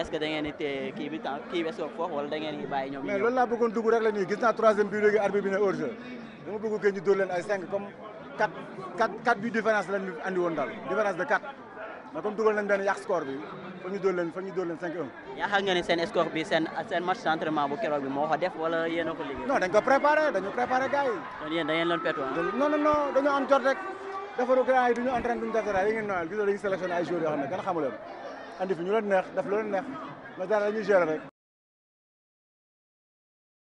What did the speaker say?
est-ce que da ngeen di téye kii bi temps kii ñoom. mais loolu laa bëggoon dugg rek la nii gis naa troisième bii léegi arbitre bi ne hors jeu dama ñu dóor ay cinq comme quatre quatre quatre différence lañ ñu andi différence de quatre mais comme dugal nañ benn yàq score bi fa ñu dóor cinq un. yaakaar nga ni seen score bi seen seen match d'entraînement bu keroog bi moo def wala yéen liggéey. non dañ préparé dañu préparé gars yi. andi fi ñu leen neex def lu leen neex mais daal dañuy gérer rek.